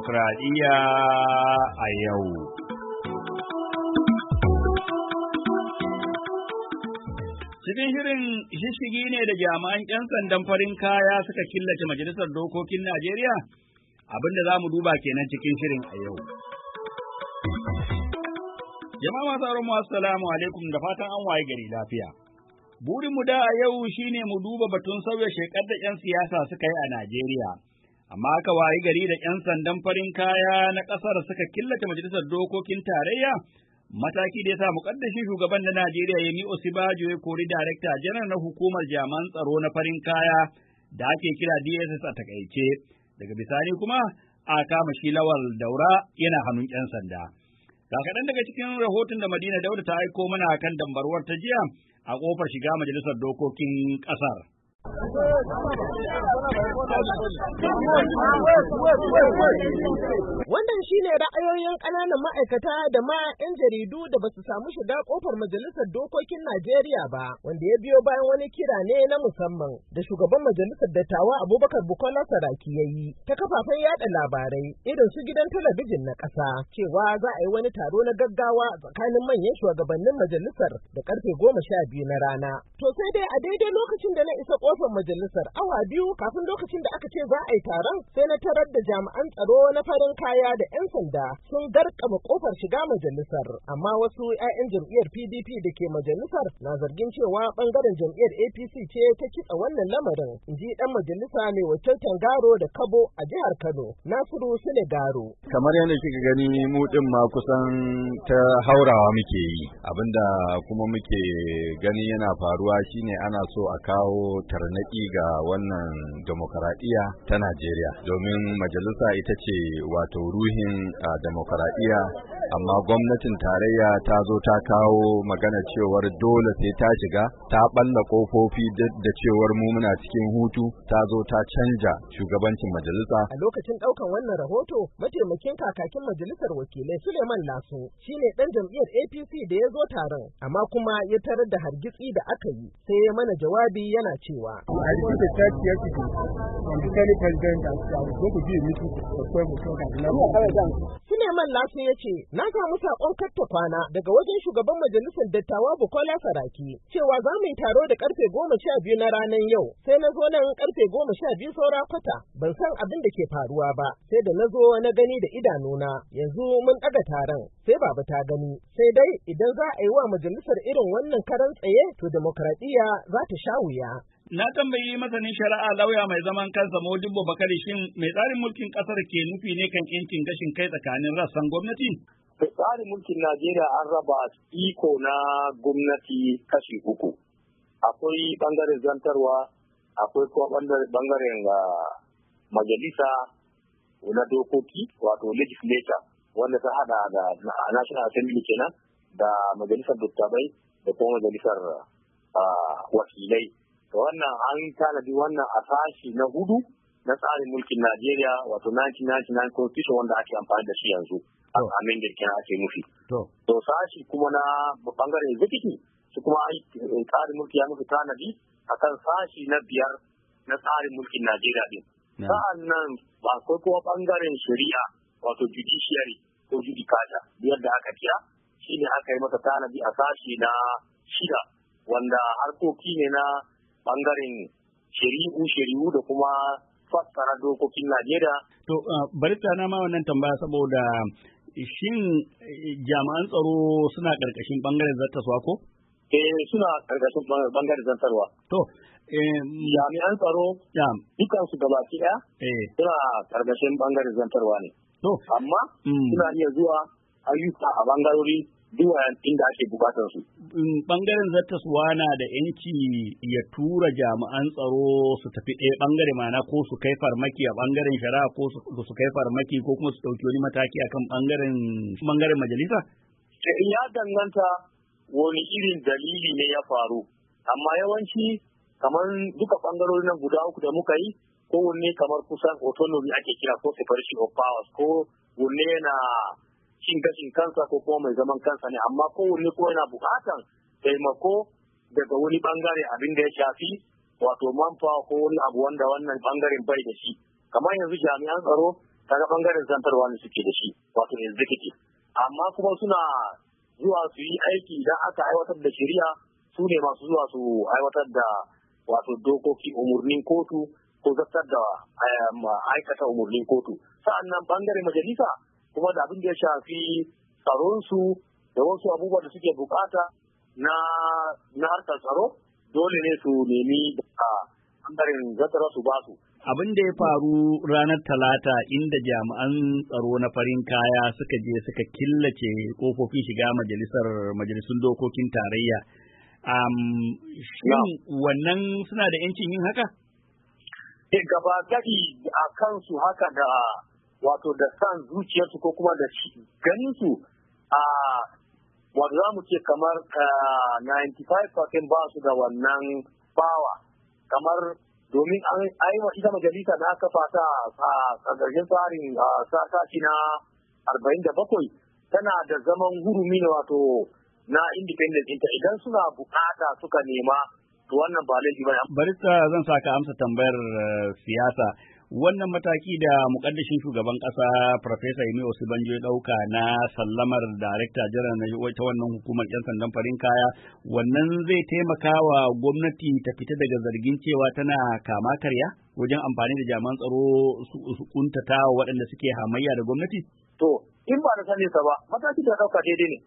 demokradiyya a yau. Cikin shirin shishigi ne da jami'an 'yan sandan farin kaya suka killace Majalisar Dokokin Najeriya abinda za mu duba kenan cikin shirin a yau. Jama'a masu auren mu assalamu alaikum da fatan an waye gari lafiya. Burinmu da yau shine mu duba batun sauya shekar da 'yan siyasa suka yi a Najeriya. amma aka wayi gari da 'yan sandan farin kaya na ƙasar suka killace majalisar dokokin tarayya mataki da ya sa muƙaddashin shugaban na Najeriya ya Yemi Osibajo ya kori darekta janar na hukumar jaman tsaro na farin kaya da ake kira DSS a takaice daga bisani kuma a kama shi lawal daura yana hannun 'yan sanda. kakaɗan daga cikin rahoton da Madina Dauda ta aiko mana kan dambarwar ta jiya a ƙofar shiga majalisar dokokin ƙasar. Wannan shi ne ra'ayoyin ƙananan ma'aikata da ma 'yan jaridu da ba su samu shiga ƙofar Majalisar Dokokin Najeriya ba, wanda ya biyo bayan wani kira ne na musamman da shugaban Majalisar Dattawa Abubakar Bukola Saraki ya yi ta kafafen yada labarai irin su gidan talabijin na ƙasa cewa za a yi wani taro na gaggawa tsakanin manyan shugabannin majalisar da ƙarfe goma sha biyu na rana. To sai dai a daidai lokacin da na isa kofar majalisar awa biyu kafin lokacin da aka ce za a yi taron sai na tarar da jami'an tsaro na farin kaya da 'yan sanda sun garkama kofar shiga majalisar amma wasu 'ya'yan jam'iyyar pdp da ke majalisar na zargin cewa bangaren jam'iyyar apc ce ta kitsa wannan lamarin in ji dan majalisa mai wakiltar garo da kabo a jihar kano nasiru sune garo kamar yadda kika gani mu din ma kusan ta haurawa muke yi abinda kuma muke gani yana faruwa shine ana so a kawo tarnaki ga wannan demokaradiyya ta Najeriya domin majalisa ita ce wato ruhin demokaradiyya amma gwamnatin tarayya ta zo ta kawo magana cewar dole sai ta shiga ta balla kofofi da cewar mu muna cikin hutu ta zo ta canja shugabancin majalisa a lokacin daukan wannan rahoto mataimakin kakakin majalisar wakilai Suleiman Laso shine ɗan jam'iyyar APC da ya zo taron amma kuma ya tarar da hargitsi da aka yi sai mana jawabi yana cewa ba. I think the third year to from the Senate president that I was going to be a meeting to explain the show that Suleiman Lasu ya ce, Na samu saƙon katta daga wajen shugaban majalisar dattawa Bukola Saraki cewa za mu yi taro da karfe goma sha biyu na ranar yau. Sai na zo nan karfe goma sha biyu saura kwata. Ban san abin da ke faruwa ba. Sai da na zo na gani da idanuna. Yanzu mun ɗaga taron. Sai babu ta gani. Sai dai idan za a yi wa majalisar irin wannan karan tsaye to demokradiyya za ta sha wuya. Na tambayi masanin shari'a lauya mai zaman kansa Modibo Bakari shin mai tsarin mulkin kasar ke nufi ne kan yankin gashin kai tsakanin rassan gwamnati? Tsarin mulkin Najeriya an raba iko na gwamnati kashi uku. Akwai bangaren zantarwa, akwai kuma bangaren ah, majalisa na dokoki wato legislature wanda ta hada da National Assembly kenan da majalisar dattabai da kuma majalisar ah, wakilai. wannan an tanadi wannan a sashi na hudu na tsarin mulkin Najeriya wato 1999 constitution wanda ake amfani da shi yanzu a da kira ake nufi. To sashi kuma na bangaren zikiki su kuma eh, tsarin mulki ya nufi tanadi akan sashi na biyar na tsarin mulkin Najeriya din. Sa'an nan ba kai kuma bangaren shari'a wato judiciary ko judicata biyar da aka kira shi ne aka yi masa tanadi a sashi na shida wanda harkoki ne na bangaren shari'u shari'u da kuma fassara dokokin Najeriya. To bari ta nama wannan tambaya saboda shin jami'an tsaro suna ƙarƙashin bangaren zartaswa ko? Eh suna ƙarƙashin bangaren zartarwa. To eh, jami'an tsaro dukansu su gabaki ɗaya eh. suna ƙarƙashin bangaren zartarwa ne. To amma mm. suna iya zuwa ayyuka a bangarori inda ake bukatar su. Mm, bangaren zattasuwa na da yanci ya tura jami'an tsaro su tafi ɗaya bangare mana ko su kai farmaki a bangaren shari'a ko su kai farmaki ko kuma su ɗauki wani mataki a kan bangaren majalisa? Eh, ya danganta wani irin dalili ne ya faru, amma yawanci kamar duka bangarorin nan guda uku da muka yi ko wanne kamar kusan autonomy ake kira ko separation of powers ko wanne yana cikin gashin kansa ko kuma mai zaman kansa ne amma kowanne ko yana bukatan taimako daga wani bangare abin da ya shafi wato manfa ko wani abu wanda wannan bangaren bai da shi kamar yanzu jami'an tsaro daga bangaren zantarwa ne suke da shi wato executive amma kuma suna zuwa su yi aiki idan aka aiwatar da shari'a su ne masu zuwa su aiwatar da wato dokoki umurnin kotu ko zartar da eh, aikata umarnin kotu sa'annan bangaren majalisa kuma da abin da ya shafi tsaronsu da wasu abubuwa da suke bukata na na harkar tsaro dole ne su nemi da ɓangaren zatara su ba su. Abin da ya faru ranar Talata inda jami'an tsaro na farin kaya suka je suka killace kofofin shiga majalisar majalisun dokokin tarayya. Um, shin wannan suna da 'yancin yin haka? Eh, gaba gadi a kansu haka da wato da san zuciyarsu ko kuma da ganin su a wato za mu ce kamar 95% ba su da wannan bawa kamar domin an aiwa ita majalisa na aka fata a ƙarshen tsarin sashi na 47 tana da zaman gurumi ne wato na independent inta idan suna bukata suka nema to wannan ba laifi ba barista zan saka amsa tambayar eh, siyasa wannan mataki da mukaddashin shugaban kasa Profesa Emi Osibanjo ya dauka na sallamar Darekta Jiran na ta wannan hukumar 'yan sandan farin kaya wannan zai taimaka wa gwamnati ta fita daga zargin cewa tana kama karya wajen amfani da jaman tsaro su kuntata waɗanda suke hamayya da gwamnati? To, in ba da sani sa ba, mataki da dauka daidai ne.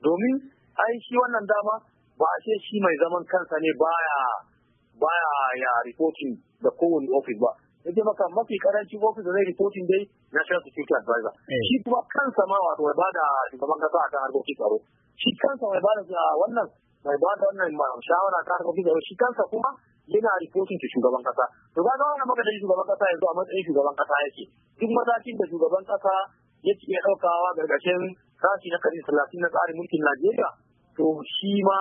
Domin ai shi wannan dama ba a ce shi mai zaman kansa ne baya baya ya reporting da kowane ofis ba. yake maka mafi karanci ofis da zai reporting dai national security advisor eh. shi kuma kansa ma wato mai bada shugaban kasa akan harkokin tsaro shi kansa mai bada wannan mai bada wannan shawara kan harkokin tsaro shi kansa kuma yana reporting ta shugaban kasa to ga wannan maka da shugaban kasa yanzu a matsayin shugaban kasa yake duk matakin da shugaban kasa yake ya daukawa gargashin sashi na kashi talatin na tsarin mulkin Najeriya to shi ma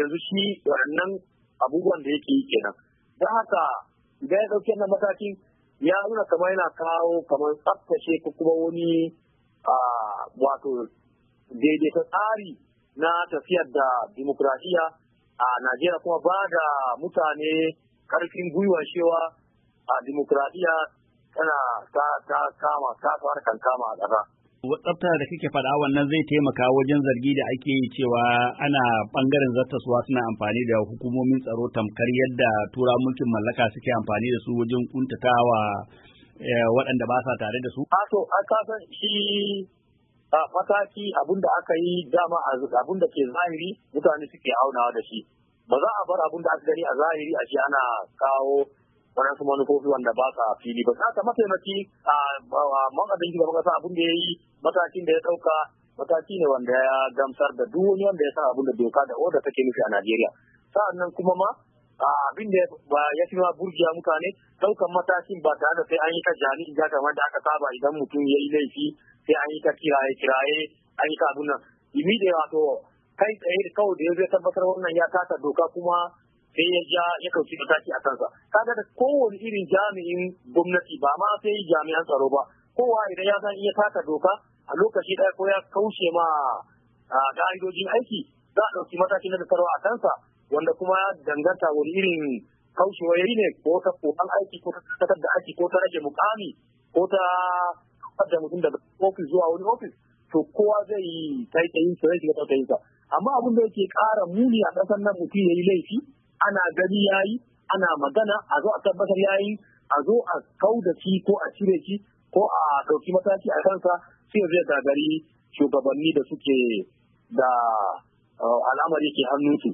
yanzu shi wannan abubuwan da yake yi kenan don haka idan ya ɗauki wannan matakin ya nuna kamar yana kawo kamar tsaftace ko kuma wani wato daidaita tsari na tafiyar da dimokuraɗiyya a Najeriya kuma ba da mutane ƙarfin gwiwa cewa a dimokuraɗiyya tana ta kama ta kama a ƙasa. tsafta da kake faɗa wannan zai taimaka wajen zargi da ake yi cewa ana ɓangaren zartaswa suna amfani da hukumomin tsaro tamkar yadda tura mulkin mallaka suke amfani da su wajen kuntatawa eh, waɗanda ba sa tare da su. Ato, ah, an kasan shi a mataki abin da aka yi dama abin da ke zahiri mutane suke aunawa da shi. Ba za a bar abin da aka gani a zahiri a shi ana kawo waɗansu manufofi wanda ba sa fili ba mataimaki a makadin ba kasa abin da ya yi matakin da ya ɗauka mataki ne wanda ya gamsar da duk wani wanda ya sa abin da doka da oda take nufi a Najeriya sa'annan kuma ma abin da ya fi ma burjiya mutane ɗaukan matakin ba tare da sai an yi ta jani ja kamar da aka saba idan mutum ya yi laifi sai an yi ta kiraye kiraye an yi ta abin nan imi da wato kai tsaye kawai da ya zai tabbatar wannan ya taka doka kuma sai ya ja ya kauci mataki a kansa kaga da kowane irin jami'in gwamnati ba ma sai jami'an tsaro ba kowa idan ya san iya taka doka a lokaci ɗaya ko ya kaushe ma ga'idojin aiki za a ɗauki mataki na tsaro a kansa wanda kuma ya danganta wani irin kaushewa ya yi ne ko ta kokan aiki ko ta tattar da aiki ko ta rage mukami ko ta da mutum daga ofis zuwa wani ofis to kowa zai yi taitayin sa zai shiga amma abin da yake kara muni a ƙasar nan mutum ya yi laifi ana gani yayi ana magana a zo a tabbatar yayi a zo a kau shi ko a cire shi ko a ɗauki mataki a kansa sai zai gagari shugabanni da suke da uh, al'amari ke su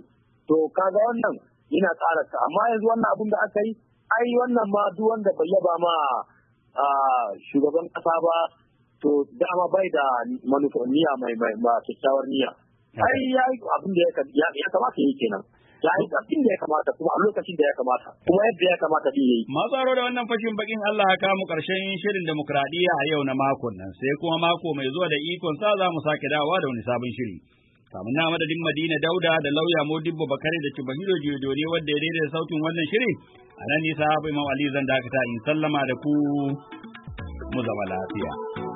to kaga wannan yana ƙara ta amma yanzu wannan abun da aka yi ai wannan ma duk wanda bai yaba ma shugaban ƙasa ba to dama bai da manufar niyya mai kyakkyawar niyya ai ya abin da ya kamata yi kenan ya yi da ya kamata kuma a lokacin da ya kamata kuma yadda ya kamata din yayi ma tsaro da wannan fashin bakin Allah ya kawo mu karshen shirin demokradiyya a yau na makon nan sai kuma mako mai zuwa da ikon sa za mu sake dawowa da wani sabon shiri kamun na madadin Madina Dauda da lauya Modibbo Bakare da Cibahiro ne wanda ya daidaita sautin wannan shiri? a nan nisa Imam Ali zan dakata in sallama da ku mu zama lafiya